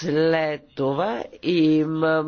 След това имам